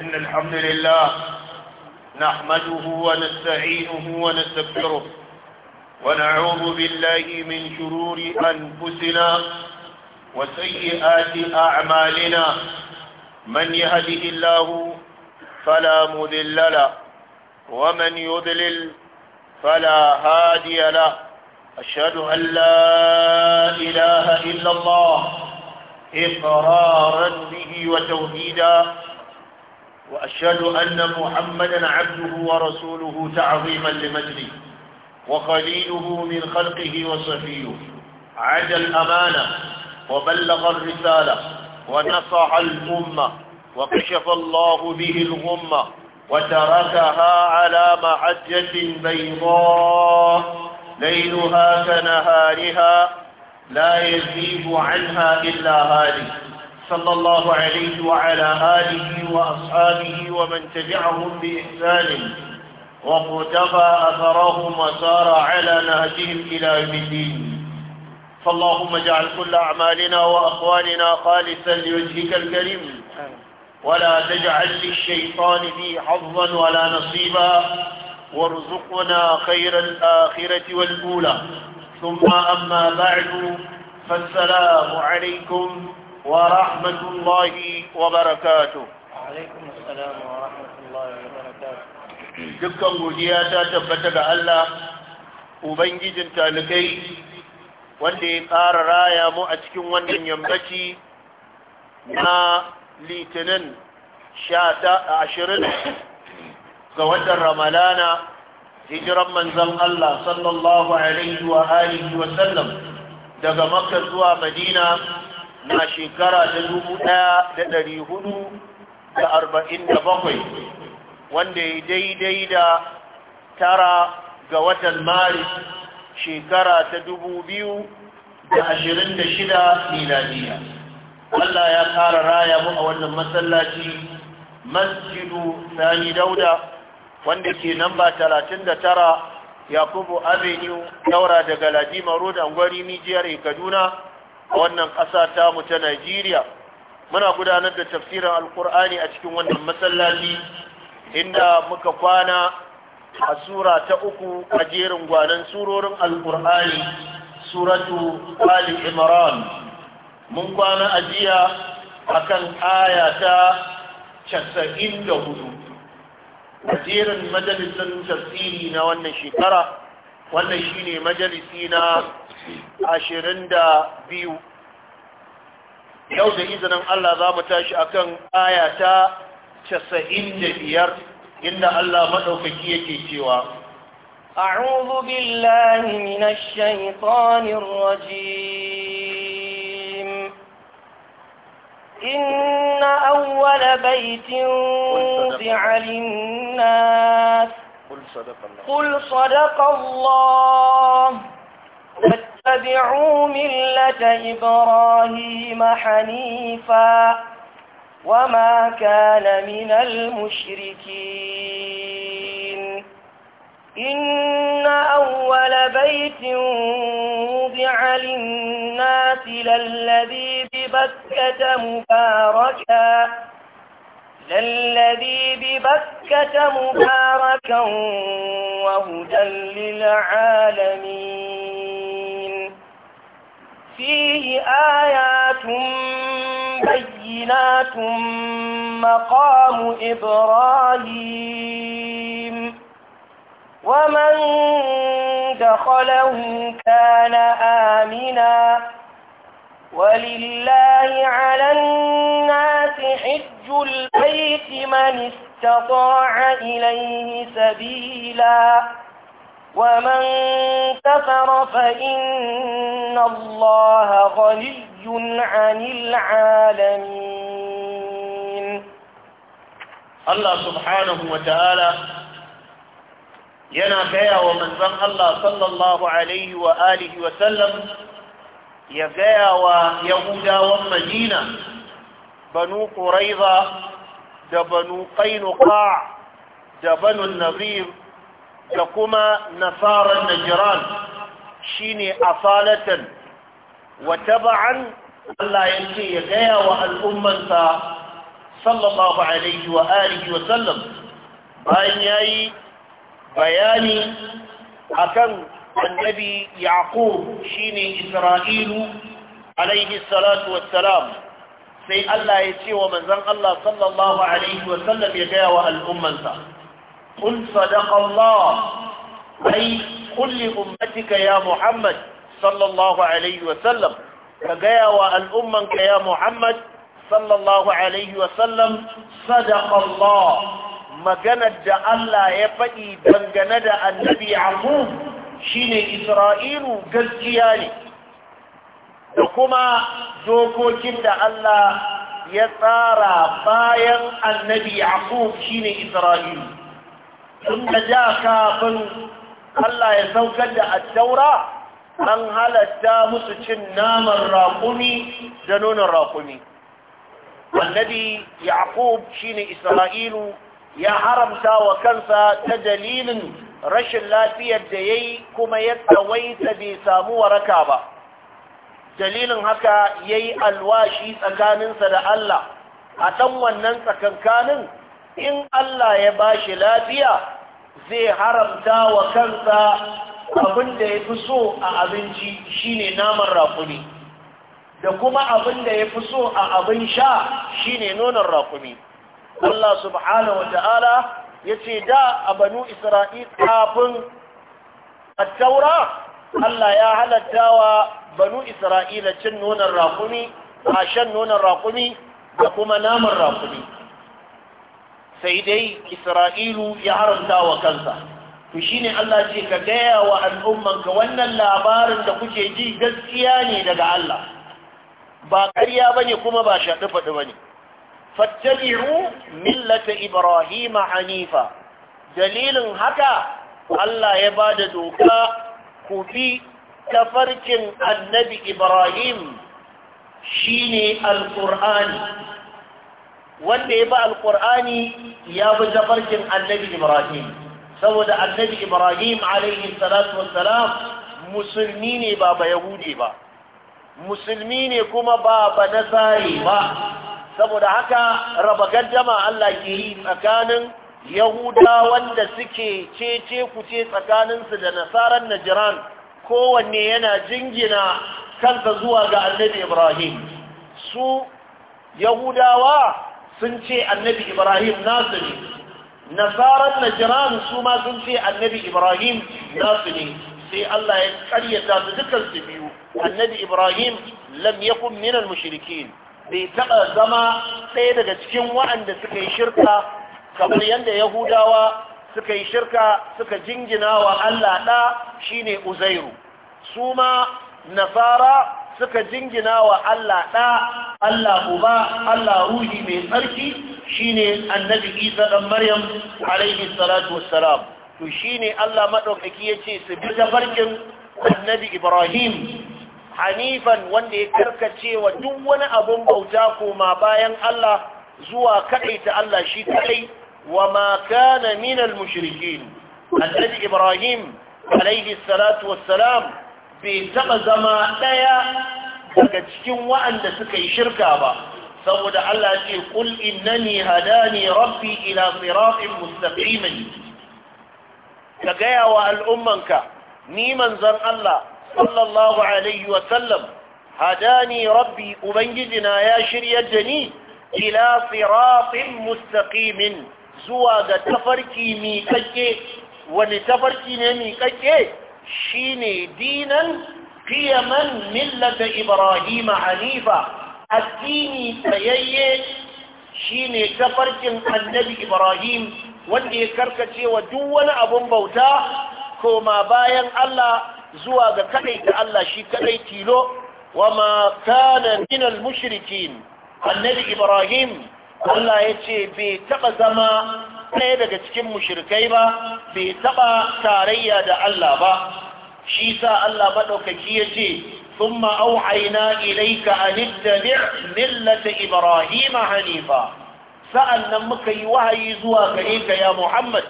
إن الحمد لله نحمده ونستعينه ونستغفره ونعوذ بالله من شرور أنفسنا وسيئات أعمالنا من يهده الله فلا مذل له ومن يذلل فلا هادي له أشهد أن لا إله إلا الله إقرارا به وتوحيدا وأشهد أن محمدا عبده ورسوله تعظيما لمجده وخليله من خلقه وصفيه عاد الأمانة وبلغ الرسالة ونصح الأمة وكشف الله به الغمة وتركها على محجة بيضاء ليلها كنهارها لا يزيب عنها إلا هالك صلى الله عليه وعلى آله وأصحابه ومن تبعهم بإحسان وقتفى أثرهم وسار على نهجهم إلى يوم الدين فاللهم اجعل كل أعمالنا وأخواننا خالصا لوجهك الكريم ولا تجعل للشيطان فيه حظا ولا نصيبا وارزقنا خير الآخرة والأولى ثم أما بعد فالسلام عليكم ورحمة الله وبركاته عليكم السلام ورحمة الله وبركاته dukkan godiya ta tabbata ga Allah ubangijin talikai wanda ya ƙara raya mu a cikin wannan yammaci na litinin ashirin ga watan Ramadana, hijiran manzan Allah sallallahu alaihi wa alihi wa sallam daga makka zuwa madina na shekara ta dubu ɗaya da ɗari hudu da arba'in da bakwai wanda ya daidai da tara ga watan maris shekara ta dubu biyu da ashirin da shida miladiya Allah ya ƙara raya mu a wannan masallaci masjidu sani dauda wanda ke namba talatin da tara yakubu avenue daura daga ladima da gwari mijiyar kaduna wannan ƙasa ta mu ta Najeriya muna gudanar da tafsirin alkur'ani a cikin wannan masallaci inda muka kwana a sura ta uku a jerin gwanan surorin alkur'ani suratu ali imran mun kwana a jiya a kan aya ta casa'in da hudu a jerin majalisin tafsiri na wannan shekara wannan shine majalisi na ashirin da biyu yau da izinin Allah za mu tashi akan aya ta casa'in da biyar inda Allah maɗaukaki yake cewa أعوذ بالله من الشيطان الرجيم إن أول بيت وضع للناس قل صدق الله واتبعوا ملة إبراهيم حنيفا وما كان من المشركين إن أول بيت وضع للناس للذي ببكة مباركا للذي ببكة مباركا وهدى للعالمين فيه آيات بينات مقام إبراهيم ومن دخله كان آمنا ولله على الناس حج البيت من استطاع إليه سبيلاً ومن كفر فإن الله غني عن العالمين الله سبحانه وتعالى ينا كيا ومن زن الله صلى الله عليه وآله وسلم يقيا ويهودا ومجينا بنو قريضة دبنو قينقاع دبنو النظير da kuma nasarar najiran shi ne asalatan wata ba'an Allah ya ce ya gaya wa al'ummansa sallallahu alaihi wa alihi wa sallam bayan ya yi bayani a kan annabi yaqub shine isra'ilu alaihi salatu wassalam sai Allah ya ce wa manzon Allah sallallahu alaihi wa sallam ya gaya wa al'ummansa قل صدق الله أي قل لأمتك يا محمد صلى الله عليه وسلم كجايا والأمة يا محمد صلى الله عليه وسلم صدق الله maganar da Allah ya faɗi dangane da annabi Abu shine Isra'ilu gaskiya ne da kuma dokokin da Allah ya tsara bayan annabi Abu shine Isra'ilu tun da ja kafin Allah ya saukar da addaura an halatta musu cin naman raƙumi da nonon raƙumi annabi yaqub shine isra'ilu ya haramta wa kansa ta dalilin rashin lafiyar da yayi kuma ya tsawaita bai samu waraka ba dalilin haka yayi alwashi tsakaninsa da Allah a ɗan wannan tsakankanin in Allah ya ba shi lafiya zai haramta wa kansa abin da ya fi so a abinci shine naman rakumi da kuma abin da ya fi so a abin sha shine nonon rakumi Allah subhanahu wa ta'ala ya ce da a banu isra'il kafin a taura Allah ya halatta wa banu isra'ila cin nonon rakumi a shan nonon rakumi da kuma naman rakumi sai dai isra'ilu ya haramta wa kansa to ne Allah ce ka gaya wa al'ummanka wannan labarin da kuke ji gaskiya ne daga Allah ba ƙarya bane kuma ba shaɗi faɗi ne. fattabiru millata ibrahima hanifa dalilin haka Allah ya bada doka ku bi tafarkin annabi ibrahim shine alqur'ani wanda ya bi Alƙur'ani ya bi tafarkin annabi ibrahim saboda annabi ibrahim alaihi salatu wassalam musulmi ne ba ba yahudi ba musulmi ne kuma ba ba nasari ba saboda haka raba gaddama Allah ke yi tsakanin yahuda wanda suke cece kuce tsakaninsu da nasarar najiran kowanne yana jingina kansa zuwa ga annabi ibrahim su yahudawa sun ce annabi ibrahim nasu ne nasarar najiran su ma sun ce annabi ibrahim nasu ne sai Allah ya karyata su dukkan su biyu annabi ibrahim lam yakun min mushrikin bai taba zama ɗaya daga cikin waɗanda suka yi shirka kamar yadda yahudawa suka yi shirka suka jingina wa Allah ɗa shine uzairu su ma nasara suka jingina wa Allah ɗa Allah uba Allah ruhi mai tsarki shine annabi Isa dan Maryam alaihi salatu wassalam to shine Allah madaukaki yace su bi tafarkin annabi Ibrahim hanifan wanda ya karkace wa duk wani abun bauta koma bayan Allah zuwa kaɗai ta Allah shi kaɗai wa ma kana minal mushrikin annabi Ibrahim alaihi salatu wassalam bai taɓa zama ɗaya daga cikin wa'anda suka yi shirka ba saboda Allah ce kul innani hadani rabbi ila siratin mustaqimin ka gaya wa al'ummanka ni manzon Allah sallallahu alaihi wa sallam hadani rabbi ubangijina ya shiryar da ni ila siratin mustaqimin zuwa ga tafarki miƙaƙƙe wani tafarki ne miƙaƙƙe shine dinan man qiyaman millata ibrahima hanifa addini tsayayye shine farkin annabi ibrahim wanda ya karkace wa duk wani abun bauta koma bayan Allah zuwa ga kadai da Allah shi kadai tilo wa ma kana annabi ibrahim Allah ya ce bai taɓa zama ɗaya daga cikin mushrikai ba bai taɓa tarayya da Allah ba shi sa Allah maɗaukaki ya ce sun ma'au'aina ilaika a nittabi millata Ibrahim hanifa sa'an nan muka yi wahayi zuwa gare ka ya Muhammad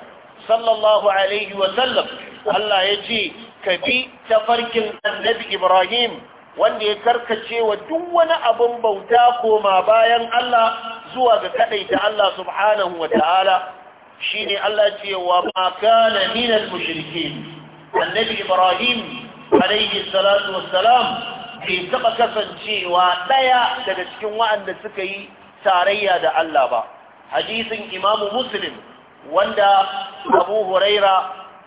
sallallahu Alaihi wasallam Allah ya ce ka bi tafarkin annabi Ibrahim wanda ya karkace wa duk wani abin bauta koma bayan Allah zuwa ga kaɗaita Allah subhanahu wa ta'ala shi ne Allah ce wa makana minal mushrikin annabi ibrahim alaihi salatu wassalam bai taɓa kasancewa ɗaya daga cikin wa'anda suka yi tarayya da Allah ba hadisin imamu muslim wanda abu huraira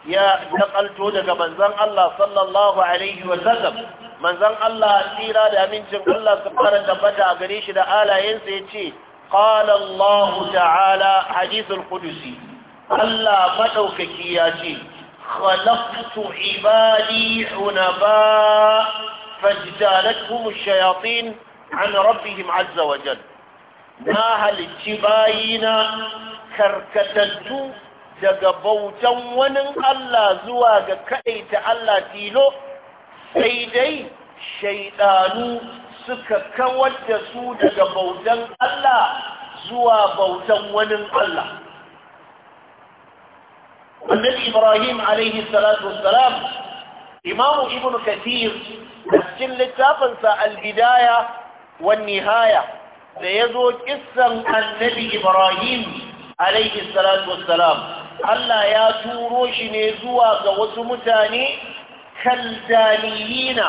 ya nakalto daga manzan Allah sallallahu alaihi wasallam manzan Allah tsira da amincin Allah su fara tabbata a gare shi da alayensa ya ce qala Allah ta'ala hadithul qudusi Allah madaukaki ya ce خلقت عبادي حنفاء فاجتالتهم الشياطين عن ربهم عز وجل ناهل اتباينا كركتتو daga bautan wani Allah zuwa ga kaɗaita Allah tilo sai dai shaidanu suka kawar da su daga bautan Allah zuwa bautan wani Allah annabi ibrahim alaihi salatu wassalam imam ibn kathir a cikin littafinsa al-bidaya wan nihaya da yazo kissan annabi ibrahim alaihi salatu wassalam Allah ya turo shi ne zuwa ga wasu mutane kan kaldaniyina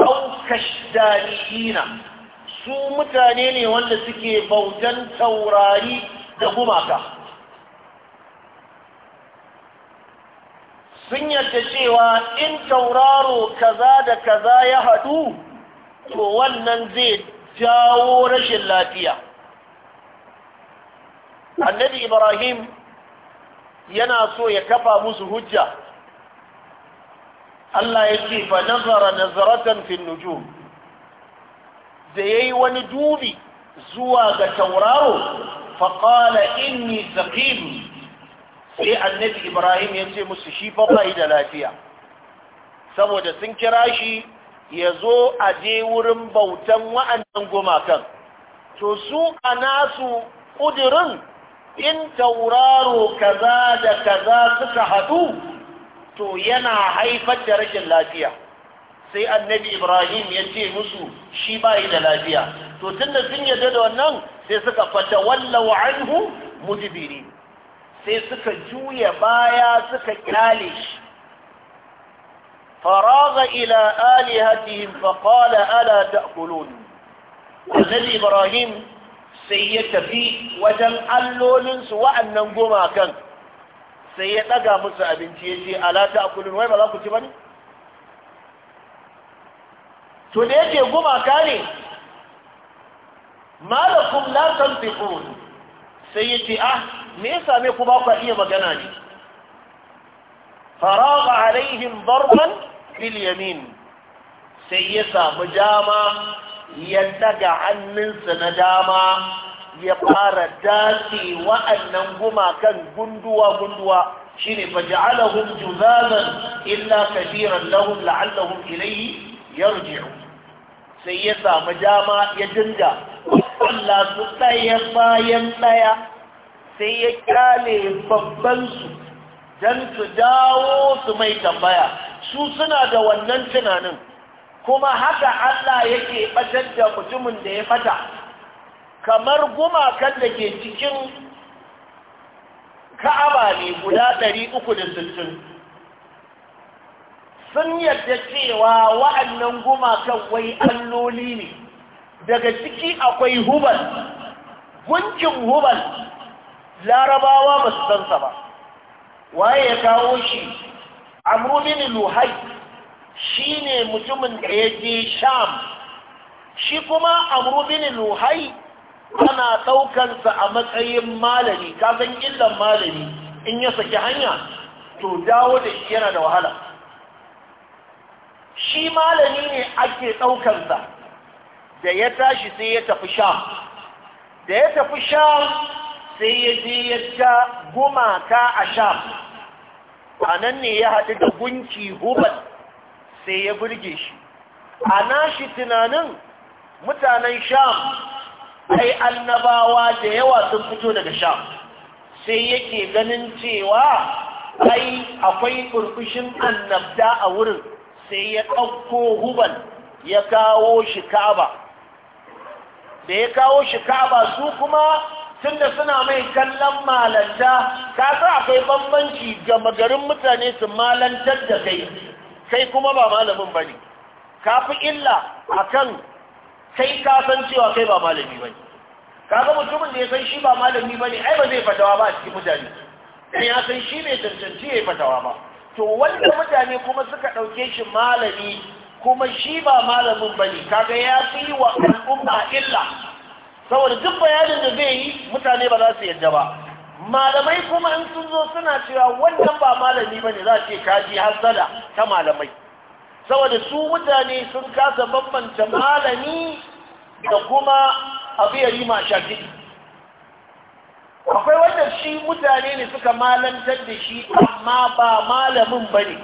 au kashdaniyina su mutane ne wanda suke bautan taurari da gumaka sun yarda cewa in tauraro kaza da kaza ya haɗu to wannan zai jawo rashin lafiya annabi ibrahim yana so ya kafa musu hujja Allah ya ce fa nazara nazaratan fi nujum da yayi wani dubi zuwa ga tauraro fa qala inni saqim sai annabi ibrahim ya ce musu shi fa da lafiya saboda sun kira shi ya zo a je wurin bautan wa'annan gumakan to su a nasu ƙudurin in tauraro kaza da kaza suka haɗu to yana haifar da rashin lafiya sai annabi ibrahim ya ce musu shi bai da lafiya to tunda sun yarda da wannan sai suka fata wallawa anhu mujibiri sai suka juya baya suka kyale shi faraga ila alihatihim faqala ala ta'kulun annabi ibrahim sai ya tafi wajen allolin su gumakan sai ya daga musu abinci yace ala ta'kulun wai ba za ku ci bane to da yake gumaka ne malakum sai ah me ya same ku ba ku iya magana ne faraga alaihim darban bil yamin sai ya samu dama ya daga hannunsa na dama ya fara dace wa'annan gumakan gunduwa-gunduwa shine ne juzazan illa kafiran lahum la'allahum ilayhi yarji'u sai ya samu dama ya dinga Allah su ɗaya bayan ɗaya sai ya kyale babbansu don su dawo su mai tambaya su suna da wannan tunanin kuma haka Allah yake batar da mutumin da ya fata kamar gumakan da ke cikin ka'aba ne guda 360 sun yadda cewa wa'annan gumakan wai alloli ne daga ciki akwai hubal gunkin hubal larabawa ba su sansa ba waye ya kawo shi amru bin luhai shi ne mutumin da ya je sham shi kuma amru bin luhai ana ɗaukansa a matsayin malami kafin illan malami in ya saki hanya to dawo da shi yana da wahala shi malami ne ake ɗaukansa da ya tashi sai ya tafi sham da ya tafi sham sai ya je ya ga gumaka a sham a nan ne ya haɗu da gunki hubal sai ya burge shi a nashi tunanin mutanen sham ai annabawa da yawa sun fito daga sham sai yake ganin cewa ai akwai kurkushin annabta a wurin sai ya ɗauko hubal ya kawo shi kaba da ya kawo shi kaba su kuma tunda suna mai kallon malanta ka sa akwai bambanci ga magarin mutane su malantar da kai kai kuma ba malamin ba ne ka fi illa a kan kai kasan cewa kai ba malami ba ne ka ga mutumin da ya san shi ba malami ba ne ai ba zai fatawa ba a cikin mutane sai ya san shi mai cancanci ya yi fatawa ba to wanda mutane kuma suka ɗauke shi malami kuma shi ba malamin ba ne kaga ya fi wa al'umma illa saboda duk bayanin da zai yi mutane ba za su yadda ba malamai kuma in sun zo suna cewa wannan ba malami ba ne za ce kaji hassada ta malamai saboda su mutane sun kasa bambanta malami da kuma abu ya yi shafi. akwai wanda shi mutane ne suka malantar da shi amma ba malamin ba ne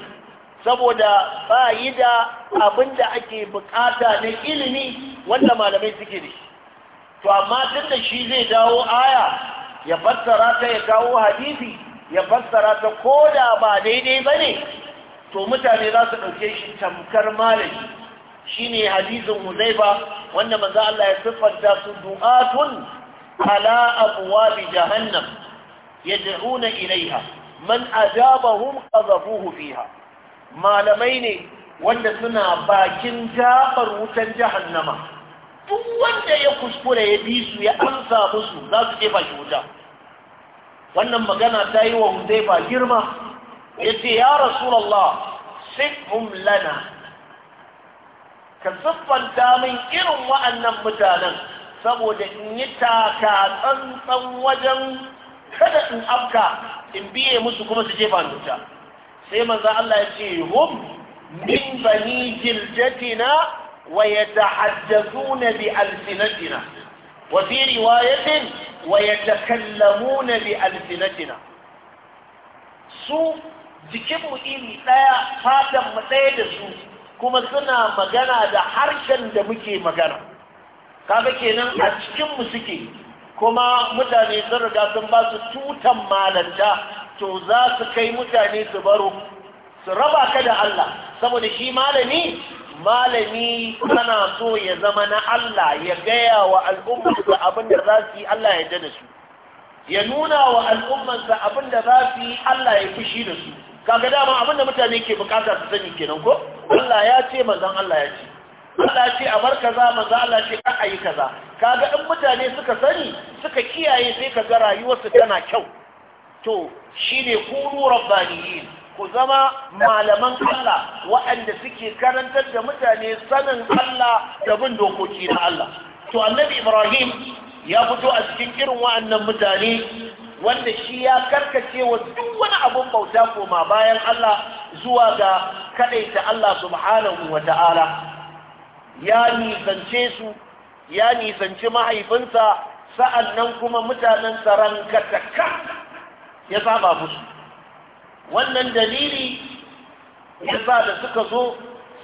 saboda ba yi da abin da ake bukata na ilimi wanda malamai suke da shi to amma tun da shi zai dawo aya ya fassara ta ya kawo hadisi ya fassara ta ko da ba daidai ba ne to mutane za su ɗauke shi tamkar malami shi ne hadisin huzaifa wanda manzo Allah ya siffanta su du'atun ala abwabi jahannam yad'una ilaiha man ajabahum qadhafuhu fiha malamai ne wanda suna bakin jabar wutan jahannama duk wanda ya kuskura ya bi su ya amsa musu za su jefa shi wuta wannan magana ta yi wa huzaifa girma ya ce ya rasulallah sifhum lana ka siffanta min irin wa'annan mutanen saboda in yi taka tsantsan wajen kada in afka in biye musu kuma su jefa wuta sai manzan Allah ya ce hum min bani na. ويتحدثون بألسنتنا وفي رواية ويتكلمون بألسنتنا su jikinmu iri ɗaya fatan mu ɗaya da su kuma suna magana da harshen da muke magana kaga kenan a cikinmu suke kuma mutane sun riga sun ba su tutan malanta to za su kai mutane su baro su raba ka da Allah saboda shi malami malami kana so ya zama na Allah ya gaya wa al'ummarsa abin da za su yi Allah ya da su ya nuna wa al'ummarsa abin da za su yi Allah ya fushi da su kaga dama abin da mutane ke bukata su sani kenan ko Allah ya ce manzon Allah ya ce Allah ya ce a bar kaza manzon Allah ce ka ayi kaza kaga in mutane suka sani suka kiyaye sai kaga rayuwarsu tana kyau to shine kunu rabbaniyin ku zama malaman Allah waɗanda suke karantar da mutane sanin Allah da bin dokoki na Allah to annabi Ibrahim ya fito a cikin irin wa'annan mutane wanda shi ya karkace wa duk wani abun bauta koma bayan Allah zuwa ga kaɗaita Allah subhanahu wa ta'ala ya nisance su ya nisanci mahaifinsa sa'an nan kuma mutanen tsaron ya saba musu wannan dalili yasa da suka zo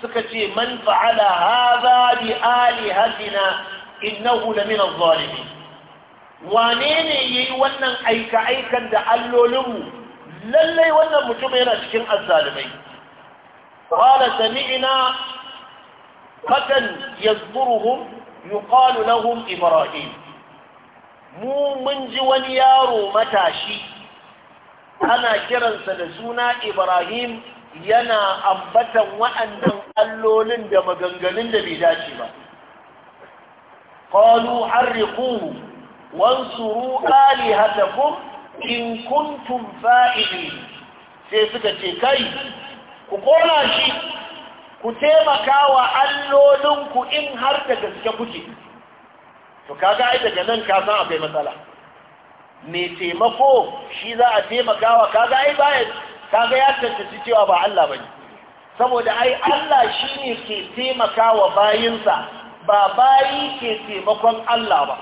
suka ce man fa'ala hadha bi alihatina innahu lamina adh-dhalimin wane ne yayi wannan aika aikan da allolinmu lallai wannan mutum yana cikin azzalimai qala sami'na fatan yazburuhum yuqalu lahum ibrahim mu mun ji wani yaro matashi ana kiransa da suna ibrahim yana ambatan wa'annan allolin da maganganun da bai dace ba qalu harriquhu wansuru alihatakum in kuntum fa'ili sai suka ce kai ku kona shi ku taimaka wa allolinku in har da gaske kuke to kaga ai daga nan ka san akwai matsala mai taimako shi za a taimakawa kaga ai baya kaga ya tantance cewa ba Allah bane saboda ai Allah shine ke taimakawa bayinsa ba bayi ke taimakon Allah ba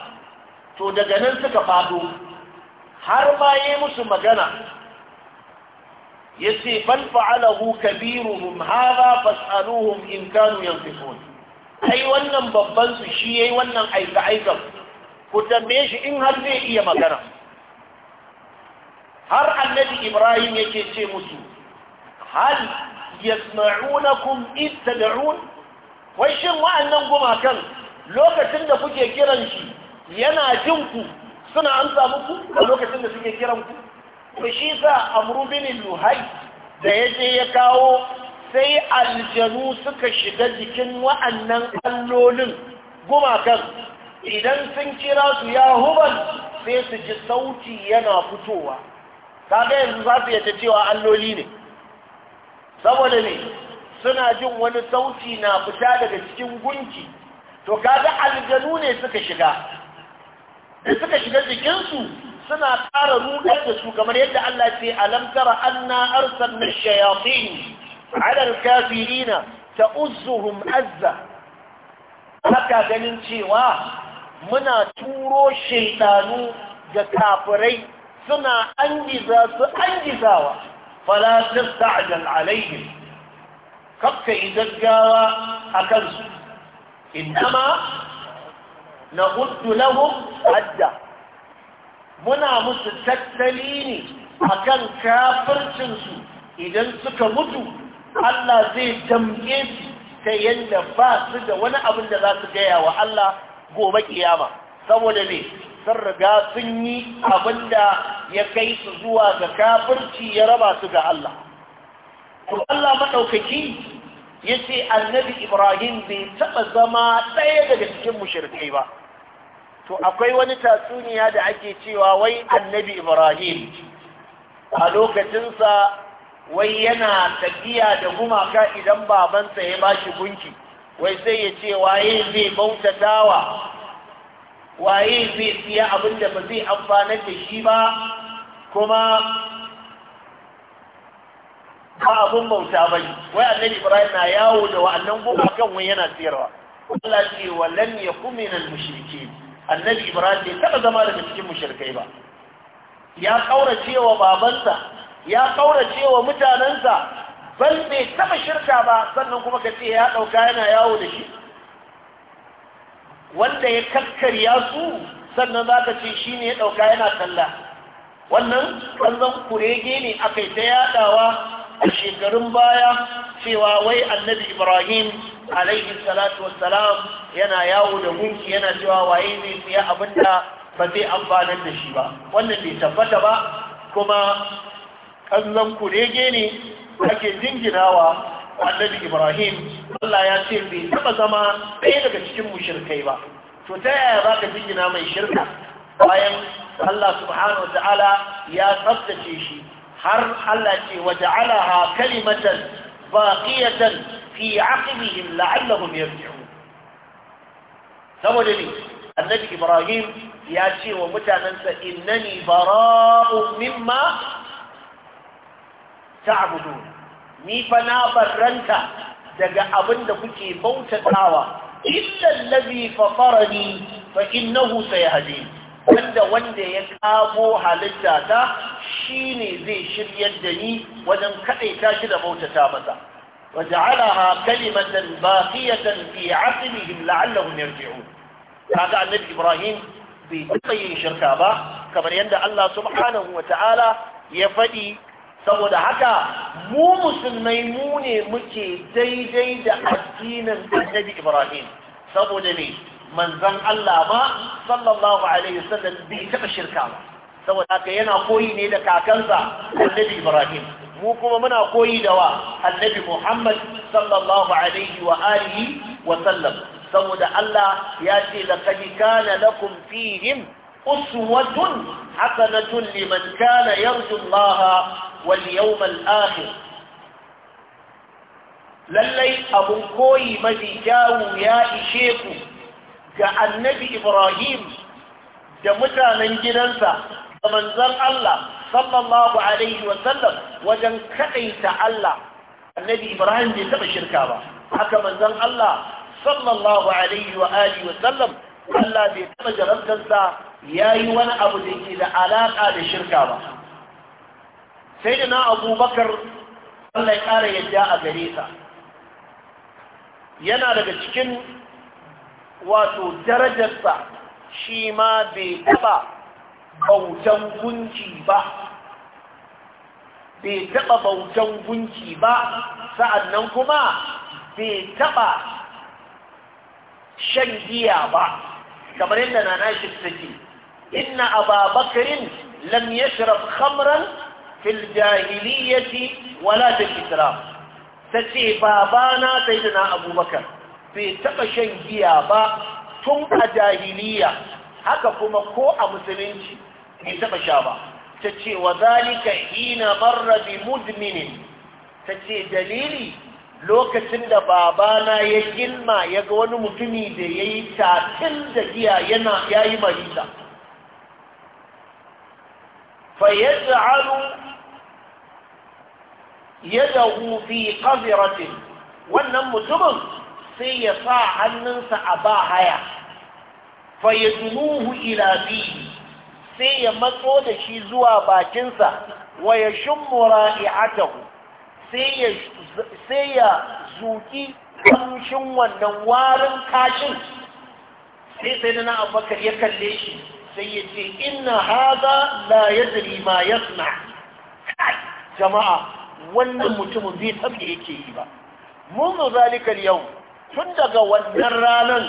to daga nan suka fado har ma yi musu magana yace bal fa'alahu kabiruhum hadha fas'aluhum in kanu yanfiqun ai wannan babban su shi yayi wannan aika aikan ku tambaye shi in har zai iya magana har annabi ibrahim yake ce musu hal yasma'unakum id tad'un wai shin wa'annan gumakan lokacin da kuke kiran shi yana jin ku suna amsa muku a lokacin da suke kiran ku to shi sa amru bin luhai da yaje ya kawo sai aljanu suka shiga jikin wa'annan allolin gumakan idan sun kira su ya huban sai su ji sauti yana fitowa kaga yanzu za su yadda cewa alloli ne saboda ne suna jin wani sauti na fita daga cikin gunki to kaga aljanu ne suka shiga da suka shiga jikinsu suna ƙara rudar da su kamar yadda Allah ce alam tara na arsalna shayatin ala ta ta'uzzuhum azza haka ganin cewa muna turo shaitanu ga kafirai suna an giza su an gizawa fala tasta'jal alaihim kakka idaggawa akan su adda muna musu tattali ne akan kan su idan suka mutu Allah zai damke su ta yanda ba su da wani abin da za su gaya wa Allah gobe kiyama saboda ne sun riga sun yi abin da ya kai su zuwa ga kafirci ya raba su ga Allah to Allah maɗaukaki ya ce annabi Ibrahim bai taɓa zama ɗaya daga cikin mushirkai ba to akwai wani tatsuniya da ake cewa wai annabi Ibrahim a lokacinsa wai yana tafiya da gumaka idan babansa ya ba shi gunki wai sai ya ce waye zai bautatawa waye zai siya abin da ba zai amfanar da shi ba kuma ba abin bauta ba ne wai annabi ibrahim na yawo da wa'annan goma kan wani yana siyarwa Allah ce wa lam yakun min al-mushrikeen annabi ibrahim bai taba zama daga cikin mushrikai ba ya kaurace wa babansa ya kaurace wa mutanansa bal bai taba shirka ba sannan kuma ka ce ya dauka yana yawo da shi wanda ya kakkarya su sannan za ka ce shi ne ya ɗauka yana talla wannan ƙanzan kurege ne aka yi ta yaɗawa a shekarun baya cewa wai annabi ibrahim alaihi salatu wassalam yana yawo da gunki yana cewa waye ne siya abin da ba zai amfanar da shi ba wannan bai tabbata ba kuma ƙanzan kurege ne ake jinginawa annabi ibrahim Allah ya ce bai taba zama ɗaya daga cikin mushrikai ba to ta yaya za ka jingina mai shirka bayan Allah subhanahu ta'ala ya tsaftace shi har Allah ce wa ja'alaha kalimatan baqiyatan fi aqibihim la'allahum yarji'un saboda ne annabi ibrahim ya ce wa mutanensa innani bara'u mimma ta'budun ni fa na barranta daga abin da kuke bautatawa illa allazi fatarani fa innahu sayahdi wanda wanda ya kamo halitta ta shine zai shiryar da ni wajen kadaita shi da bautata masa waja'alaha kalimatan baqiyatan fi 'aqlihim la'allahum yarji'un kaga annabi ibrahim bai taɓa yin shirka ba kamar yadda Allah subhanahu wa ta'ala ya faɗi saboda haka mu musulmai mu ne muke daidai da addinin annabi ibrahim saboda ne manzan Allah ma sallallahu alaihi wasallam bai taɓa shirka ba saboda haka yana koyi ne da kakansa annabi ibrahim mu kuma muna koyi da wa annabi muhammad sallallahu alaihi wa alihi wa sallam saboda Allah ya ce laqad kana lakum fihim uswatun hasanatun liman kana yarju Allah wal yawmal akhir lallai abun koyi mafi kyawu ya ishe ku ga annabi Ibrahim da mutanen gidansa da manzon Allah sallallahu alaihi wasallam wajen kadaita Allah annabi Ibrahim bai taba shirka ba haka manzon Allah sallallahu alaihi wa alihi wasallam Allah bai taba jarabtarsa yayi wani abu da ke da alaka da shirka ba sai da na abubakar Allah ya ƙara yadda a gare ka yana daga cikin wato darajarsa shi ma bai taɓa bautan gunki ba bai taɓa bautan gunki ba sa'annan kuma bai taɓa shan giya ba kamar yadda na nashi take inna ababakarin lam yashrab khamran fil jahiliyyati wala fil islam tace babana sayyidina abubakar bai taba shan giya ba tun a jahiliya haka kuma ko a musulunci bai taba sha ba tace wa zalika hina barra bi mudminin tace dalili lokacin da babana ya gilma ya ga wani mutumi da ya yi tatin da giya yana ya yi marita fayyar da yadahu fi qaziratin wannan mutumin sai ya sa hannunsa a ba haya fa yadnuhu ila bi sai ya matso da shi zuwa bakinsa wa yashmu ra'i'atahu sai ya sai ya zuki kamshin wannan warin kashin sai sai na abubakar ya kalle shi sai ya ce inna haza la yadri ma yasna jama'a wannan mutumin zai tabbe yake yi ba munzu zalika yau tun daga wannan ranar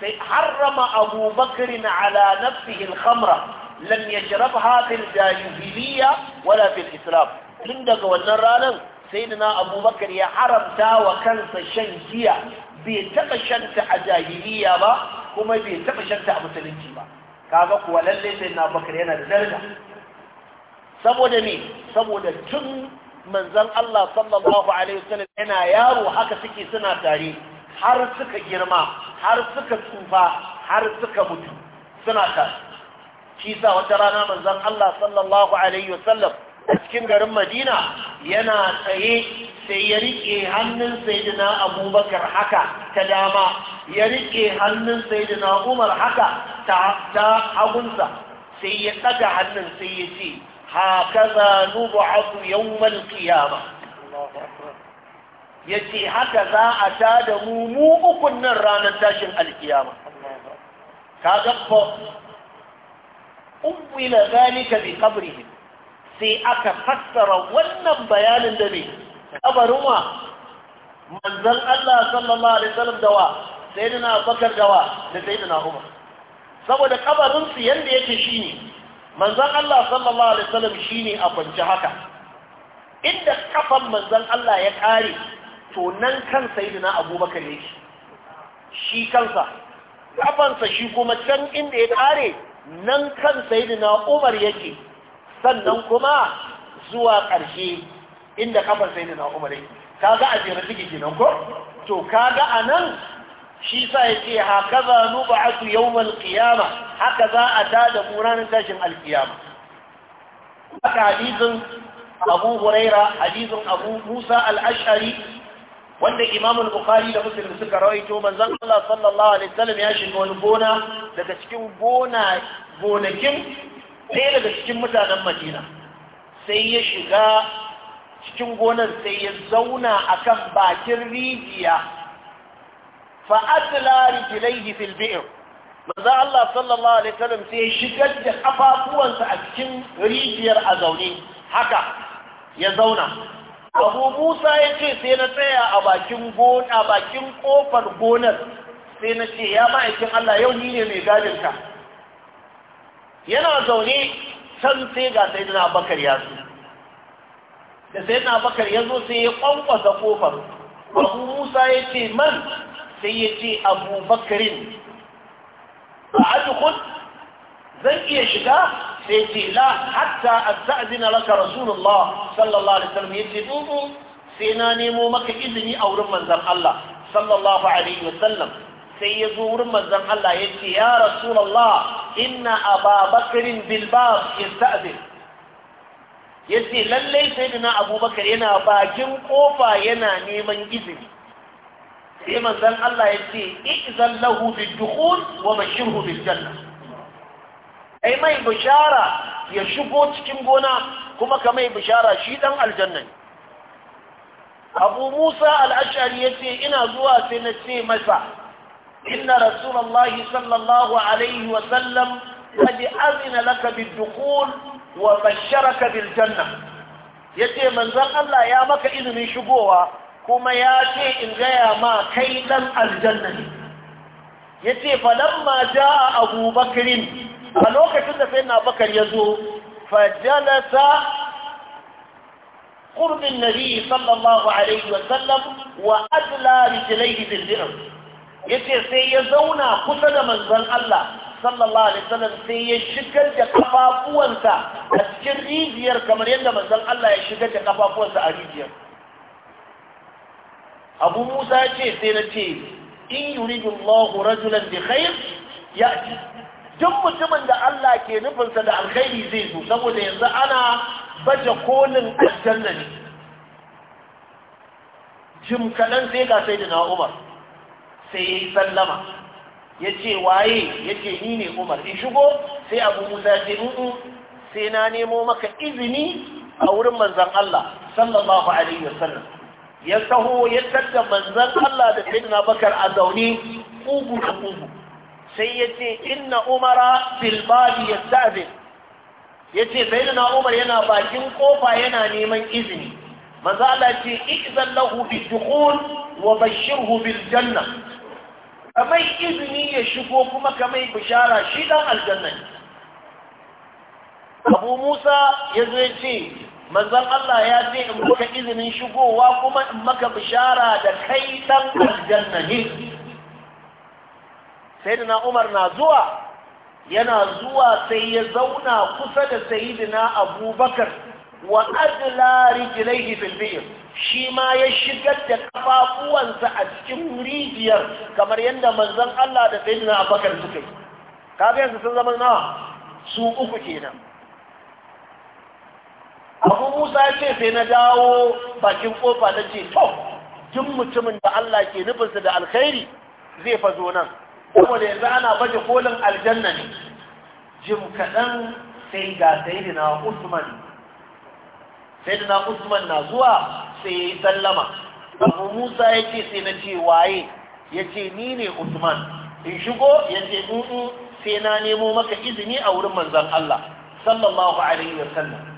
sai harrama abu bakirin ala nafsihi alhamra lam ya jirafa hafin jahiliya wala fil islam tun daga wannan ranar sai na abubakar ya haramta wa kansa shan giya bai taɓa shanta a jahiliya ba kuma bai taɓa shanta a musulunci ba kaga kuwa lallai sai na bakar yana da darda saboda ne saboda tun Manzan Allah sallallahu alaihi wasallam yana yaro haka suke suna tare har suka girma har suka tsufa har suka mutu suna tare shi sa wata rana manzan Allah sallallahu alaihi wasallam a cikin garin Madina yana tsaye sai ya rike hannun sayyidina Abubakar haka ta dama ya rike hannun sayyidina Umar haka ta hagunsa sai ya ɗaga hannun sai ya ce hakaza nub'athu yawmal qiyama yace haka za a ta da mu mu ukun nan ranar tashin alkiyama kaga fa uwila zalika bi qabrihim sai aka fassara wannan bayanin da ne kabarin wa manzon Allah sallallahu alaihi wasallam da wa sayyidina Bakar da wa da sayyidina Umar saboda kabarin yadda yake shine manzan Allah sallallahu alaihi wasallam shine a kwanci haka inda kafan manzan Allah ya kare to nan kan sayyidina Abubakar ne shi kansa kafansa shi kuma can inda ya kare nan kan sayyidina Umar yake sannan kuma zuwa ƙarshe inda kafan sayyidina Umar yake ga a jirage suke ko to kaga nan. shi sa ya ce haka za nu ba aku yawon haka za a ta da tashin alkiyama haka hadisin abu huraira hadisin abu musa al'ashari wanda imamul bukhari da muslim suka rawaito manzon Allah sallallahu alaihi wasallam ya shiga wani gona daga cikin gona gonakin sai daga cikin mutanen madina sai ya shiga cikin gonar sai ya zauna akan bakin rijiya fa adla rijlaihi fil bi'r manzo Allah sallallahu alaihi wasallam sai shigar da kafafuwansa a cikin rijiyar a zaune haka ya zauna Abu Musa ya ce sai na tsaya a bakin gona bakin kofar gonar sai na ce ya ma'aikin Allah yau ni ne mai gadin ka yana zaune can sai ga sayyidina Abubakar ya zo da sayyidina Abubakar ya zo sai ya kwankwasa kofar Abu Musa ya ce man sai ya ce abu bakarin ba a dukkan zan iya shiga sai ce la hatta a sa'adina raka rasulullah sallallahu alaihi wasallam ya ce tsubu mm, mm, sai na nemo maka izini a wurin manzan Allah sallallahu alaihi wasallam sai ya zo wurin manzan Allah ya ce ya rasulullah inna aba bakarin bilbab ya sa'adina ya ce lallai sai dina abubakar yana bakin kofa yana neman izini sai manzon Allah ya ce izan lahu bidukhul wa bashirhu bil janna ai mai bishara ya shigo cikin gona kuma ka mai bishara shi dan aljanna ne abu musa al'ashari ya ce ina zuwa sai na ce masa inna rasulallahi sallallahu alaihi wasallam kaji azina laka bidukul wa basharaka bil ya ce manzan Allah ya maka izinin shigowa kuma ya ce in gaya ma kai ɗan aljanna ne ya ce falamma ja a abubakarin a lokacin da sai na bakar ya zo fajalasa ƙurbin nabi sallallahu alaihi wasallam wa adla rijilaihi dirdiran ya ce sai ya zauna kusa da manzan Allah sallallahu alaihi wasallam sai ya shigar da kafafuwansa a cikin rijiyar kamar yadda manzan Allah ya shigar da kafafuwansa a rijiyar abu musa ce sai na ce in yuridu allahu rajulan bi khair ya'ti duk mutumin da Allah ke nufinsa da alkhairi zai zo saboda yanzu ana baje kolin aljanna ne jim kaɗan sai ga sai da na umar sai ya yi sallama ya ce waye ya ce ni ne umar in shigo sai abu musa ce sai na nemo maka izini a wurin manzan Allah sallallahu alaihi wasallam ya taho ya tadda manzan Allah da sayyidina Bakar a zaune kugu da kugu sai ya ce inna umara fil badi yastazin ya ce sayyidina Umar yana bakin kofa yana neman izini manzo Allah ce izan lahu bi dukhul wa bashirhu bil janna kamai izini ya shigo kuma kamai bishara shi dan aljanna Abu Musa ya zo ya ce manzon Allah ya ce in maka izinin shigowa kuma in maka bishara da kai dan aljanna ne sayyidina Umar na zuwa yana zuwa sai ya zauna kusa da sayyidina Abubakar wa adla rijlaihi bil bi'r shi ma ya shigar da kafafuwansa a cikin rijiyar kamar yadda manzon Allah da sayyidina Abubakar suka yi kaga yanzu sun zama nawa su uku kenan abu musa ya ce sai na dawo bakin kofa na ce to jin mutumin da allah ke nufinsa da alkhairi zai fazo nan saboda yanzu ana baje kolin aljanna ne jim kaɗan sai ga sayidina usman sayidina usman na zuwa sai ya yi sallama abu musa ya ce sai na ce waye ya ce ni ne usman in shigo ya ce sai na nemo maka izini a wurin manzan allah sallallahu alaihi wasallam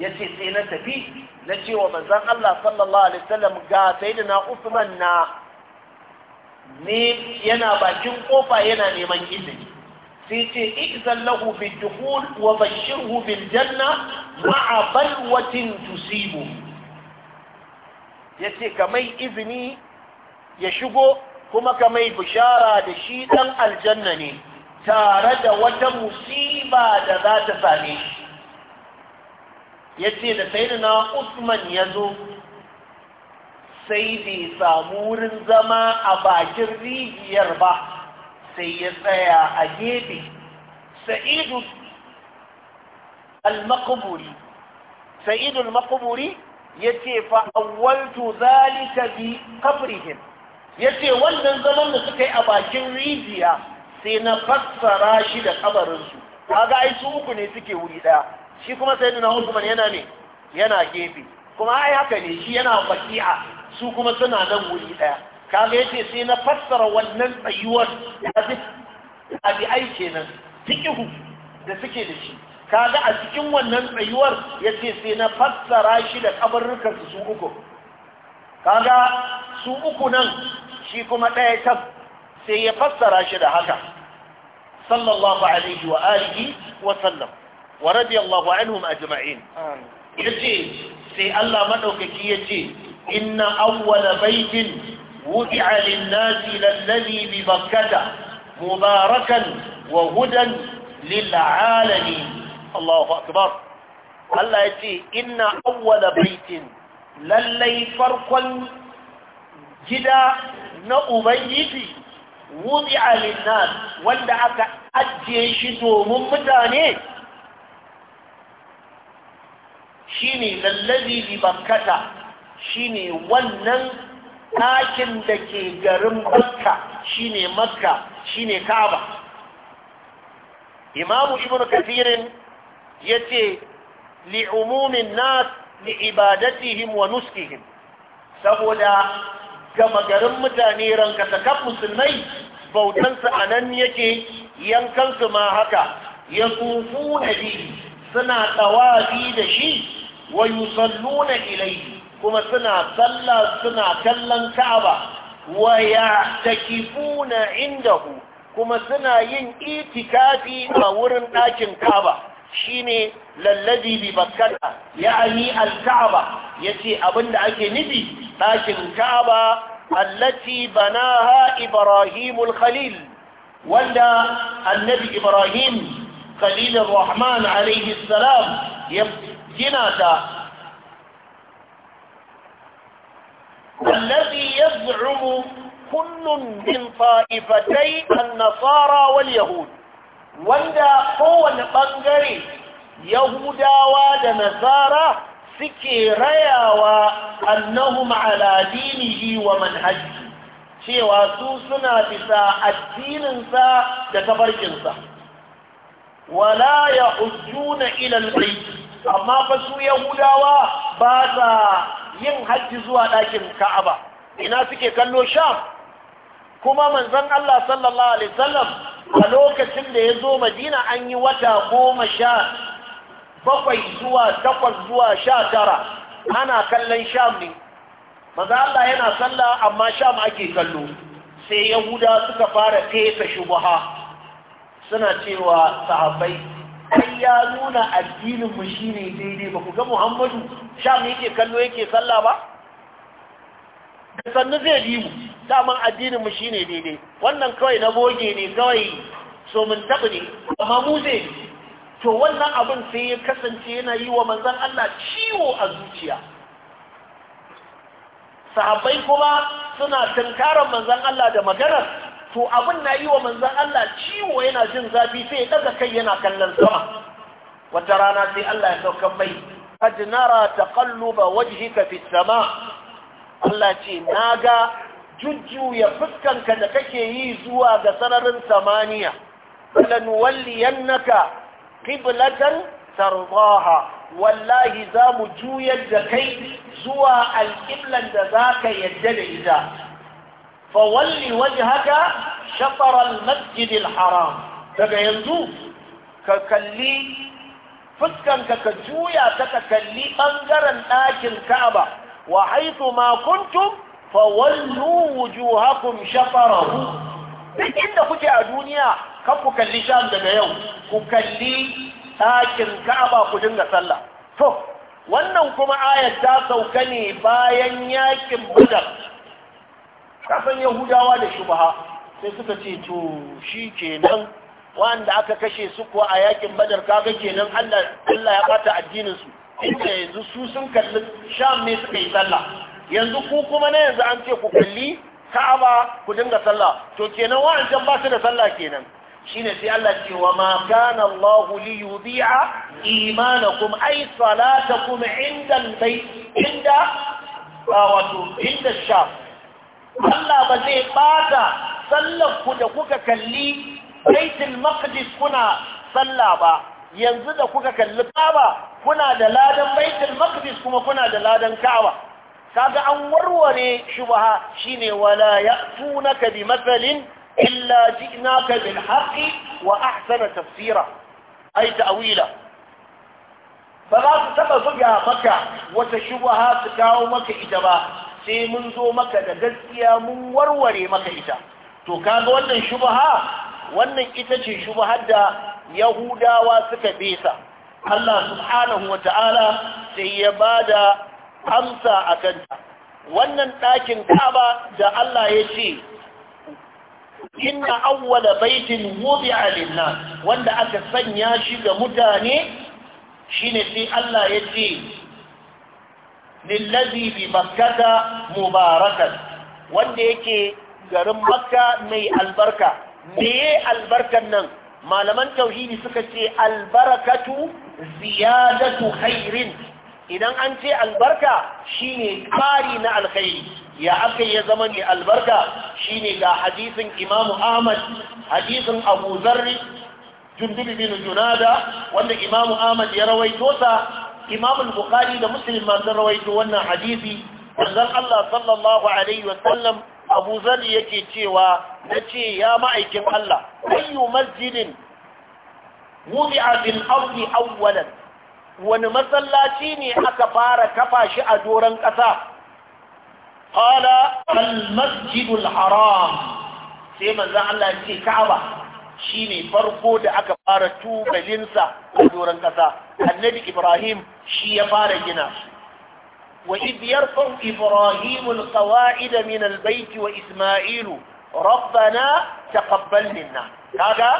ya ce sai na tafi na cewa manzan Allah sallallahu alaihi wasallam ga na Usman na ne yana bakin kofa yana neman izini sai ce izan lahu bi dukhul wa bashirhu bil janna ma'a balwatin tusibu yace kamai izini ya shigo kuma kamai bishara da shi dan aljanna ne tare da wata musiba da za ta same shi ya ce da sayyidina usman ya zo sai bai samu wurin zama a bakin rijiyar ba sai ya tsaya a gefe Saidul al ya ce al yace fa awwaltu zalika bi ya yace wannan zaman da suka yi a bakin rijiya sai na fassara shi da kabarin su kaga ai su uku ne suke wuri daya shi kuma sayyidina Usman yana ne yana gefe kuma ai haka ne shi yana baki'a su kuma suna nan wuri daya kaga yace sai na fassara wannan tsayuwar da tabi'ai kenan fiqhu da suke da shi kaga a cikin wannan tsayuwar yace sai na fassara shi da kabarrukan su uku kaga su uku nan shi kuma ɗaya tab sai ya fassara shi da haka sallallahu alaihi wa alihi wa sallam wa radiyallahu anhum ajma'in yace sai Allah madaukaki yace inna awwala baitin wudi'a lin-nasi lalladhi bi bakkata mubarakan wa hudan lil-alamin Allahu akbar Allah yace inna awwala baitin lallai farkon gida na ubangiji wudi'a lin-nas wanda aka ajiye shi domin mutane shine lallazi bi bakkata shine wannan ɗakin da ke garin bakka shine makka shine ka'aba imamu ibnu kathirin yace li umumin nas li wa nuskihim saboda gama garin mutane ranka takan musulmai bautansu a nan yake yankansu ma haka ya tsufu na suna tsawafi da shi wa yusalluna ilayhi kuma suna sallah suna kallon Ka'aba wa ya'takifuna indahu kuma suna yin itikafi a wurin ɗakin Ka'aba shine lallazi bi bakkata ya'ani al-Ka'aba yace abinda ake nufi ɗakin Ka'aba allati banaha Ibrahim al-Khalil wanda annabi Ibrahim Khalil ar-Rahman alayhi salam ya gina ta wallazi yaz'umu kullun min fa'ifatai an-nasara wal yahud wanda kowane bangare yahudawa da nasara suke rayawa annahum ala dinihi wa manhaji cewa su suna bisa addininsa da tabarkinsa wala ya hujjuna ilal baiti amma fa su yahudawa ba sa yin hajji zuwa ɗakin ka'aba ina suke kallo sham kuma manzon Allah sallallahu alaihi wasallam a lokacin da ya zo madina an yi wata goma sha bakwai zuwa takwas zuwa sha tara ana kallon sham ne maza Allah yana sallah amma sham ake kallo sai yahuda suka fara fesa shubuha suna cewa sahabbai ai ya nuna addinin mu shine daidai ba ku ga Muhammadu sham yake kallo yake sallah ba da sannu zai bi mu daman addinin mu shine daidai wannan kawai na boge ne kawai so mun tabu ne amma mu zai to wannan abin sai ya kasance yana yi wa manzon Allah ciwo a zuciya sahabbai kuma suna tunkarar manzon Allah da maganar to abin na yi wa manzan Allah ciwo yana jin zafi sai ya daga kai yana kallon sama wata rana sai Allah ya sauka mai qad nara taqalluba wajhika fi sama Allah ce ga jujjuya fuskanka da kake yi zuwa ga sararin samaniya walliyan naka qiblatan tardaha wallahi za mu juyar da kai zuwa alƙiblan da za ka yadda da ita fawalli wajhaka haka al-masjid haram daga yanzu ka kalli fuskanka ka juya ta ka kalli ɓangaren ɗakin Ka'aba wa haythu ma kuntum fawallu wujuhakum shatarahu duk inda kuke a duniya kan ku kalli sham daga yau ku kalli ɗakin Ka'aba ku dinga sallah to wannan kuma ayat ta sauka ne bayan yakin Badar san yahudawa da shubaha sai suka ce to shi kenan wanda aka kashe su kuwa a yakin badar kaga kenan Allah ya bata addinin su inda yanzu su sun kalli sham ne suka yi sallah yanzu ku kuma na yanzu an ce ku kalli ka'aba ku dinga sallah to kenan wa'ancan ba su da sallah kenan shine sai Allah ce wa ma kana Allah li yudhi'a imanakum ay salatakum inda inda wato inda sham Allah ba zai ɓata sallar ku da kuka kalli baitul maqdis kuna sallah ba yanzu da kuka kalli Kaaba kuna da ladan baitul maqdis kuma kuna da ladan Kaaba kaga an warware shubha shine wala ya'tunaka bi mathalin illa ji'naka bil haqqi wa ahsana tafsira ay ta'wila ba za su taba zuga maka wata shubha su kawo maka ita ba sai mun zo maka da gaskiya mun warware maka ita to kaga wannan shubha wannan ita ce shubhar da yahudawa suka besa Allah subhanahu wata'ala sai ya bada amsa akan wannan ɗakin Kaaba da Allah ya ce inna awwala baitin wudi'a lin-nas wanda aka sanya shi ga mutane shine sai Allah ya ce lillazi bi makkata mubarakan wanda yake garin makka mai albarka meye albarkan nan malaman tauhidi suka ce albarakatu ziyadatu khairin idan an ce albarka shine ƙari na alkhairi ya aka ya zama ne albarka shine ga hadisin Imam ahmad hadisin abu zarri jundubi bin junada wanda imamu ahmad ya rawaito sa imam bukhari da muslim ma sun rawaito wannan hadisi manzon Allah sallallahu alaihi wa sallam Abu Zar yake cewa nace ya ma'aikin Allah ayyu masjidin wudi'a bil ardi awwalan wani masallaci ne aka fara kafa shi a doron ƙasa qala al masjidul haram sai manzon Allah ya ce Ka'aba shine farko da aka fara tubalinsa a doron ƙasa annabi ibrahim shi ya fara gina wa idh yarfa'u ibrahimu alqawa'ida min albayt wa isma'ilu rabbana taqabbal minna kaga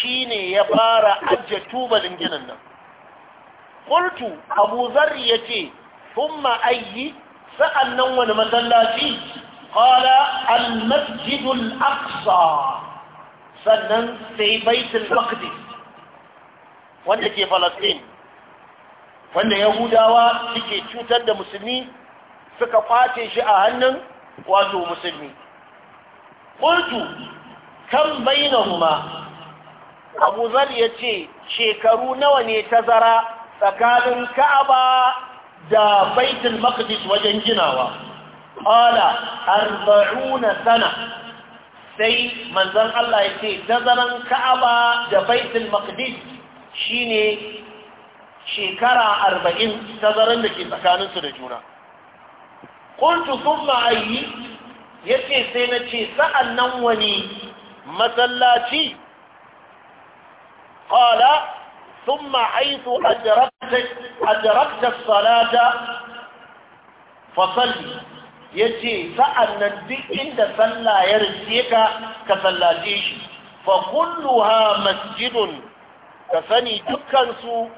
shine ya fara ajje tubalin ginin nan qultu abu dharr yace thumma ayyi sa'annan wani masallaci qala al-masjidul aqsa sannan sai baitul maqdis wanda ke falastin wanda yahudawa suke cutar da musulmi suka kwace shi a hannun wato musulmi ƙultu kan bainahuma abu zal ya ce shekaru nawa ne tazara tsakanin ka'aba da baitul maqdis wajen ginawa ala arba'una sana sai manzon Allah ya ce tazaran ka'aba da baitul maqdis shine shekara 40 tazaran da ke tsakanin su da juna qultu thumma ayi yace sai na ce sa'annan wani masallaci qala sun حيث أدركت, أدركت الصلاة فصلي ya ce sa'an nan duk inda sallah ya riske ka ka sallace shi fa ha masjidun ka sani dukkansu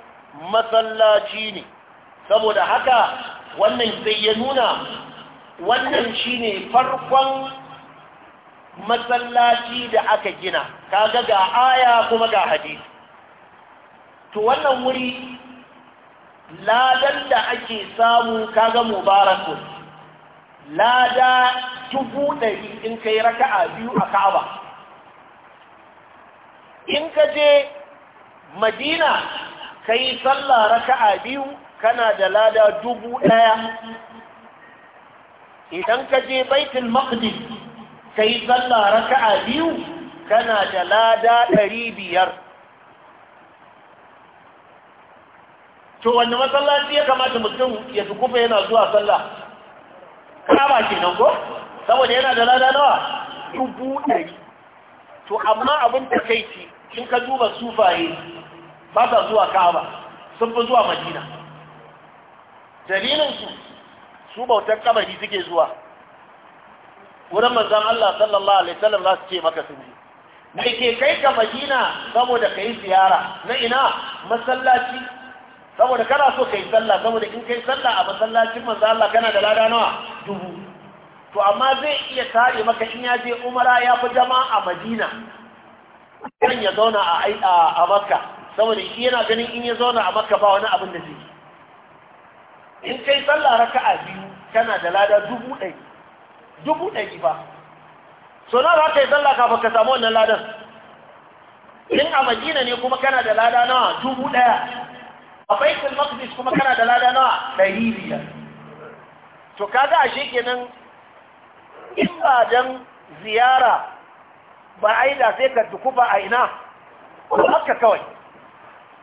masallaci ne saboda haka wannan sai ya nuna wannan shine farkon masallaci da aka gina kaga ga aya kuma ga hadisi to wannan wuri ladan da ake samu kaga mubarakun lada dubu ɗari in kai raka'a biyu a ka'aba in ka je madina ka yi sallah raka'a biyu kana da lada dubu ɗaya idan ka je baitul maqdis ka yi sallah raka'a biyu kana da lada ɗari biyar to wanne masallaci ya kamata mutum ya tukufa yana zuwa sallah kama kenan ko saboda yana da lada nawa dubu ɗari to amma abin da kai ce in ka duba sufaye ba sa zuwa kaba, sun fi zuwa madina dalilinsu su bautar kabari suke zuwa wurin manzan Allah sallallahu alaihi wasallam za su ce maka sun ji Me ke kai ka madina saboda ka yi ziyara na ina masallaci saboda kana so kai sallah saboda in kai sallah a masallacin manzo Allah kana da lada nawa dubu to amma zai iya tare maka in ya je umara ya fi jama'a a Madina kan ya zauna a a Makka saboda shi yana ganin in ya zauna a Makka ba wani abin da zai in kai sallah raka'a biyu kana da lada dubu ɗari dubu ɗari ba so na za ka yi sallah kafin ka samu wannan ladan in a Madina ne kuma kana da lada nawa dubu ɗaya a baitul maqdis kuma kana da lada nawa ɗari biyar to kaga kenan in ba ziyara ba a yi da sai ka ba a ina ko haka kawai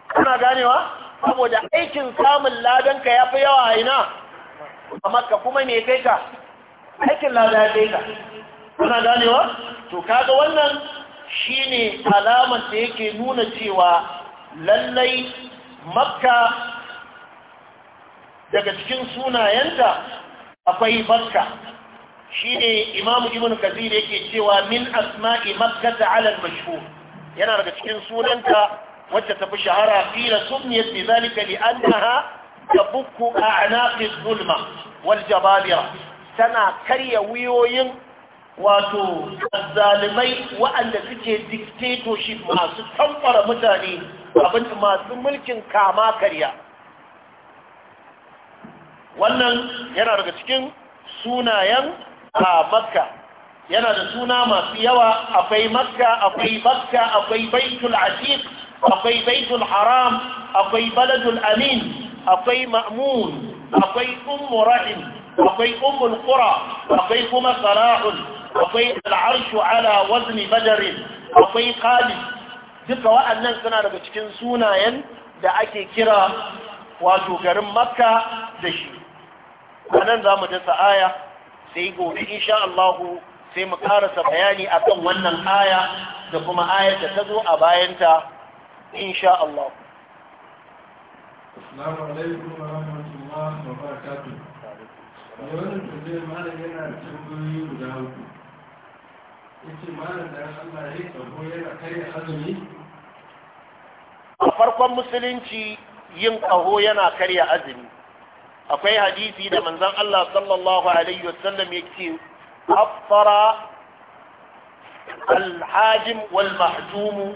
kana ganewa saboda aikin samun ladan ka yafi yawa a ina a makka kuma me kai ka aikin lada ya kai ka kana ganewa to kaga wannan shine alamar da yake nuna cewa lallai makka daga cikin sunayenta akwai makka shi ne imamu ibn kazir yake cewa min asma'i makka ta alal mashhur yana daga cikin sunanta wacce ta fi shahara fila sumiyat bi zalika li annaha tabukku a'naq az-zulma wal jababira tana karya wiyoyin wato zalimai waɗanda suke dictatorship masu tankwara mutane abin masu mulkin kama karya wannan yana daga cikin sunayen a makka yana da suna masu yawa akwai makka akwai bakka akwai baitul atiq akwai baitul haram akwai baladul amin akwai ma'mun akwai ummu rahim akwai ummul qura akwai kuma salahun akwai al'arshu ala wazni badarin, akwai qalib duka wa'annan suna daga cikin sunayen da ake kira wato garin makka da shi a nan za mu dasa aya sai gobe insha Allah sai mu karasa bayani akan wannan aya da kuma aya da ta zo a bayanta insha Allah. Assalamu alaikum wa rahmatullahi wa barakatuh. Yawan tambayar malam yana tambayoyi guda uku. Yace malam da Allah ya tsaro yana karya azumi a farkon musulunci yin ƙaho yana karya azumi akwai hadisi da manzon Allah sallallahu alaihi wasallam yake afara alhajim wal mahjumu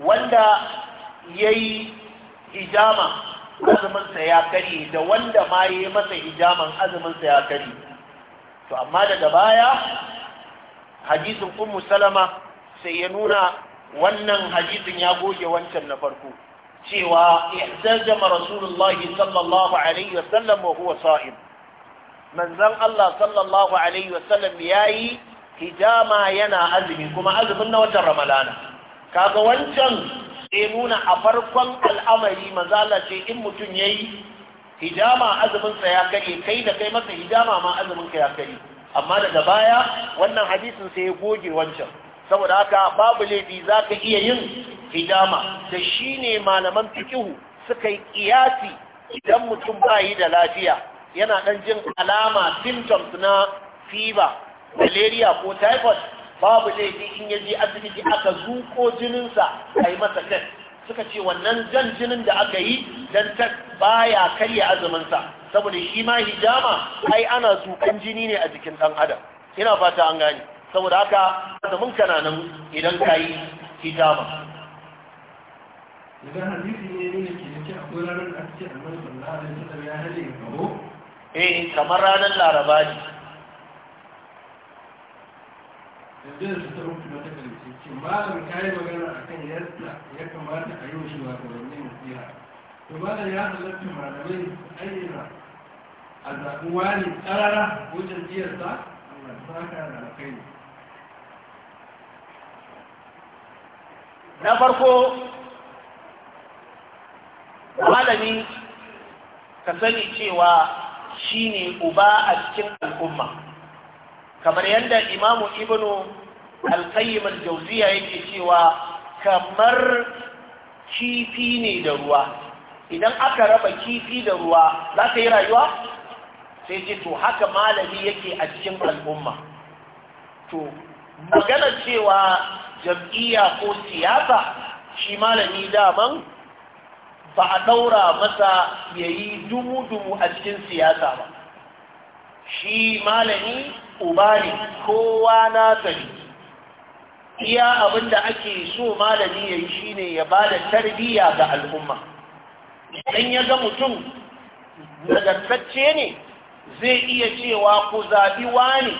wanda yayi hijama azuminsa ya karye, da wanda ma yi masa hijaman azuminsa ya karye. to amma daga baya hadisin ummu salama sai ya nuna wannan hadisin ya goge wancan na farko cewa ihtajama rasulullahi sallallahu alaihi wa huwa sa'im manzon Allah sallallahu alaihi wasallam yayi hijama yana azumi kuma azumin na watan ramadana kaga wancan sai nuna a farkon al'amari mazala ce in mutum yayi hijama azumin sa ya kare kai da kai masa hijama ma azumin ka ya kare amma daga baya wannan hadisin sai ya goge wancan saboda haka babu laifi za ka iya yin hijama da shi ne malaman fikihu suka yi kiyasi idan mutum ba yi da lafiya yana ɗan jin alama symptoms na fever malaria ko typhoid babu laifi in ya ji asibiti aka zuko jininsa a yi masa test suka ce wannan jan jinin da aka yi dan test baya karya azuminsa saboda shi ma hijama ai ana zukan jini ne a jikin ɗan adam ina fata an gani saboda haka mun kana nan idan ka yi idan hadisi ne ne ke yake akwai ya eh kamar ranar laraba ne yanzu da ta rufe ta yi magana kan yadda ya kamata a yi wa to ya halatta malamai ayyana a zaɓuwa ne tsarara ko jam'iyyarsa Allah haka da kai. na farko malami ka sani cewa shi ne uba a cikin al'umma kamar yadda imamu ibnu alkayyimar jauziya yake cewa kamar kifi ne da ruwa idan aka raba kifi da ruwa za ka yi rayuwa sai ce to haka malami yake a cikin al'umma to maganar cewa jam'iyya ko siyasa shi malami daman ba a ɗaura masa ya yi dubu dumu a cikin siyasa ba shi malami uba ne kowa na tsari iya abinda ake so malami ya yi shi ne ya ba da tarbiyya ga al'umma idan ya ga mutum nagartacce ne zai iya cewa ku zaɓi wani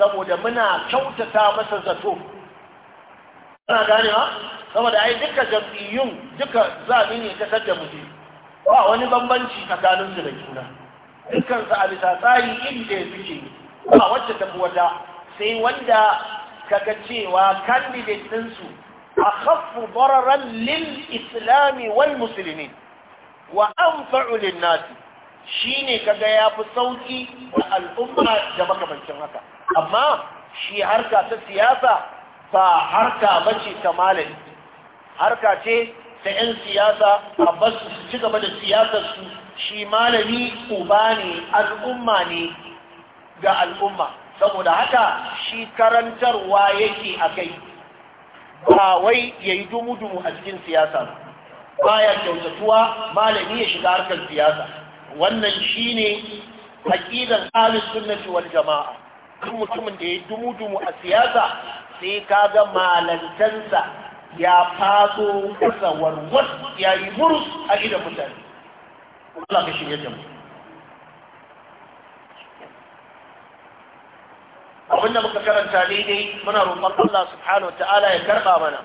saboda muna kyautata masa zato ana ganewa saboda ai duka jam'iyyun duka zaɓi ne kasar da mutum ba wani bambanci tsakanin su da juna dukkan su a bisa tsari iri ɗaya suke ba wacce tafi wata sai wanda kaga cewa candidate su a khaffu dararan lil islami wal musulmi wa anfa'u lin nasi shine kaga ya fi sauki ga al'umma da makamancin haka amma shi harka ta siyasa ba harka ce ta malami harka ce ta 'yan siyasa a basu su ci gaba da siyasarsu shi malami uba ne al'umma ne ga al'umma saboda haka shi karantarwa yake a kai ba wai ya yi dumu-dumu a cikin siyasa baya kyautatuwa malami ya shiga harkar siyasa wannan shi ne haƙiƙar alis sunnati jama'a duk mutumin da ya yi dumu-dumu a siyasa sai kaga malantansa ya faso kusa warwar ya yi murus a idan mutane Allah ka shirya jama'a abin da muka karanta dai muna roƙon Allah subhanahu wa ta'ala ya karɓa mana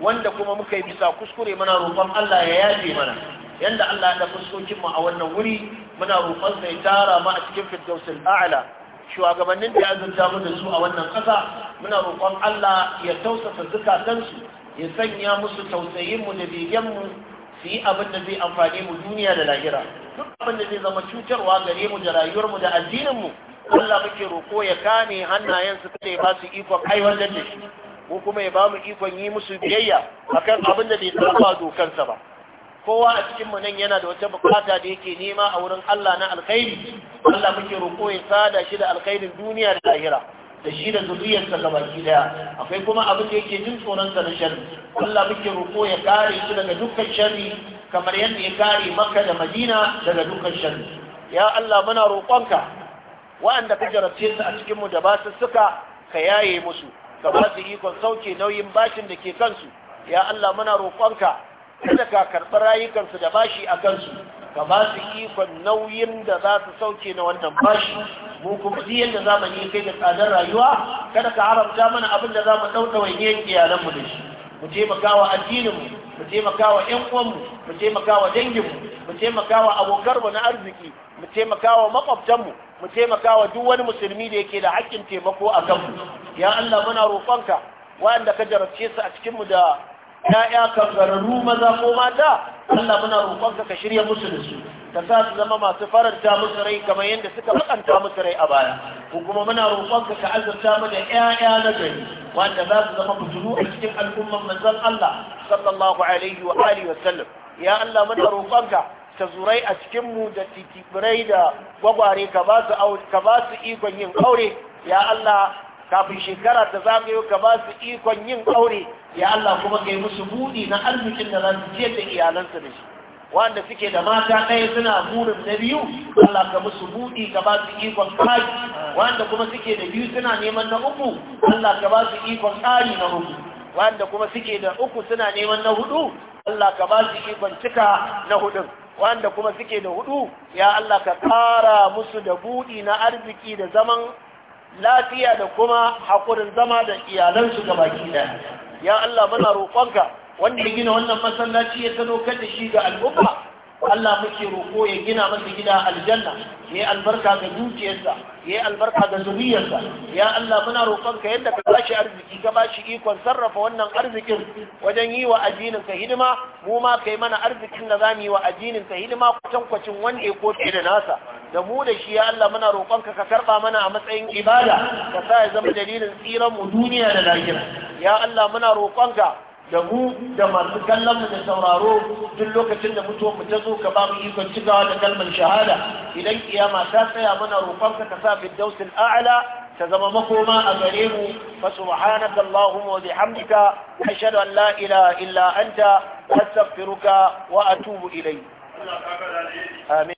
wanda kuma muka yi bisa kuskure muna roƙon Allah ya yafe mana yanda Allah ya da fuskokin mu a wannan wuri muna roƙon sa ya tara mu a cikin firdausul a'la shugabannin da ya zanta mu da su a wannan ƙasa muna roƙon Allah ya tausasa zukatansu ya sanya musu tausayin mu da begen su yi abin da zai amfani mu duniya da lahira duk abin da zai zama cutarwa gare mu da rayuwarmu da addinin mu Allah muke roƙo ya kame hannayen su kada ya ba su ikon aiwatar da shi ko kuma ya ba mu ikon yi musu biyayya akan abin da bai saba dokansa ba kowa a cikinmu nan yana da wata bukata da yake nema a wurin Allah na alkhairi Allah muke roƙo ya sada shi da alkhairin duniya da lahira da shi da zuriyar sa gabaki daya akwai kuma abin da yake jin tsoron sa na sharri Allah muke roƙo ya kare shi daga dukkan sharri kamar yadda ya kare Makka da Madina daga dukkan sharri ya Allah muna roƙonka wa'anda ka jarabce su a cikin mu da ba su suka ka yaye musu ka ba su ikon sauke nauyin bashin da ke kansu ya Allah muna roƙonka kada ka karɓi rayukansu da bashi a kansu ka ba su ikon nauyin da za su sauke na wannan bashi mu kuma duk yadda zamani kai da tsadar rayuwa kada ka haramta mana abin da za mu ɗauɗawan yin iyalanmu da shi mu taimaka wa addininmu mu taimaka wa ƴan uwanmu mu taimaka wa danginmu mu taimaka wa abokanmu na arziki mu taimaka wa makwabtanmu mu taimaka wa duk wani musulmi da yake da haƙƙin taimako a kanmu ya Allah muna roƙonka waɗanda ka jarabce su a cikinmu da ya'ya kangararru maza ko mata Allah muna roƙonka ka shirya musu da su ka sa su zama masu faranta musu rai kamar yadda suka bakanta musu rai a baya ko kuma muna roƙonka ka azurta mu da ƴaƴa na gari wanda za su zama fitulu a cikin al'umman manzon Allah sallallahu alaihi wa alihi wa sallam ya Allah muna roƙonka ta zurai a cikinmu da titibirai da gwagware ka ba su ikon yin aure ya Allah kafin shekara ta zagayo ka ba su ikon yin aure ya Allah kuma kai musu buɗi na arzikin da za su ce da iyalansa da shi wanda suke da mata ɗaya suna burin na biyu Allah ka musu buɗi ka ba su ikon kari. wanda kuma suke da biyu suna neman na uku Allah ka ba su ikon kari na uku wanda kuma suke da uku suna neman na hudu Allah ka ba su ikon cika na hudun wanda kuma suke da hudu ya Allah ka kara musu da buɗi na arziki da zaman lafiya da kuma haƙurin zama da iyalansu ga baki ɗaya ya Allah muna roƙonka wanda ya gina wannan masallaci ya sadaukar da shi ga al'umma Allah muke roƙo ya gina masa gida aljanna ya yi albarka ga dukiyarsa ya yi albarka ga zuriyarsa ya Allah muna roƙon ka yadda ka bashi arziki ka bashi ikon sarrafa wannan arzikin wajen yi wa addinin ka hidima mu ma kai mana arzikin da zamu yi wa addinin ka hidima kwatankwacin wanda ko kofi da nasa da mu da shi ya Allah muna roƙon ka ka karɓa mana a matsayin ibada ka sa ya zama dalilin tsiran mu duniya da lahira ya Allah muna roƙon ka da mu da masu kallon da sauraro duk lokacin da mutuwar mu ta zo ka ba mu ikon cigawa da kalmar shahada idan kiyama ta tsaya mana roƙon ka sa firdausul a'ala ta zama makoma a gare mu fa subhanaka allahumma wa bihamdika ashhadu an la ilaha illa anta astaghfiruka wa atubu ilayk amin